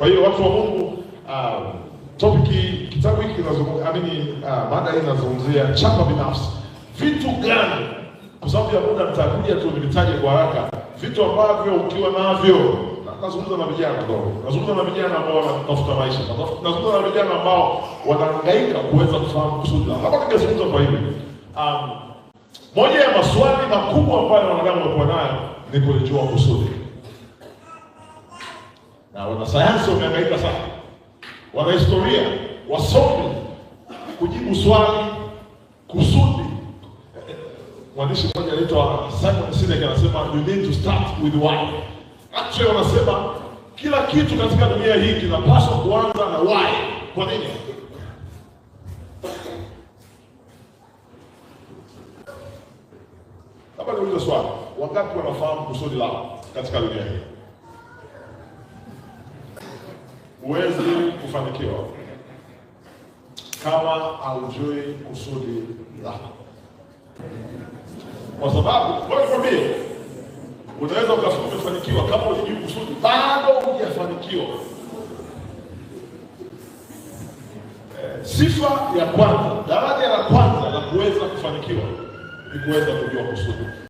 Kwa hiyo watu wa Mungu, um, topic kitabu hiki kinazungumzia amini, uh, mada hii inazungumzia chapa binafsi. Vitu gani, kwa sababu ya muda nitakuja tu nimetaje kwa haraka, vitu ambavyo ukiwa navyo nazungumza na vijana kidogo, nazungumza na vijana ambao wanatafuta maisha, nazungumza na vijana ambao wanahangaika kuweza kufahamu kusudi. Hapa ningezungumza kwa hivi, um, moja ya maswali makubwa ambayo wanadamu wamekuwa nayo ni kulijua kusudi na wanasayansi wameangaika sana, wanahistoria, wasomi kujibu swali kusudi. Mwandishi mmoja anaitwa Simon Sinek anasema you need to start with why. Actually wanasema kila kitu katika dunia hii kinapaswa kuanza na why. Kwa nini? Labda niulize swali, wangapi wanafahamu kusudi lao katika dunia hii? huwezi kufanikiwa kama haujui kusudi lako, kwa sababu kwambie, unaweza ukafikiri umefanikiwa kama hujui kusudi, bado hujafanikiwa. Eh, sifa ya kwanza, daraja la kwanza la kuweza kufanikiwa ni kuweza kujua kusudi.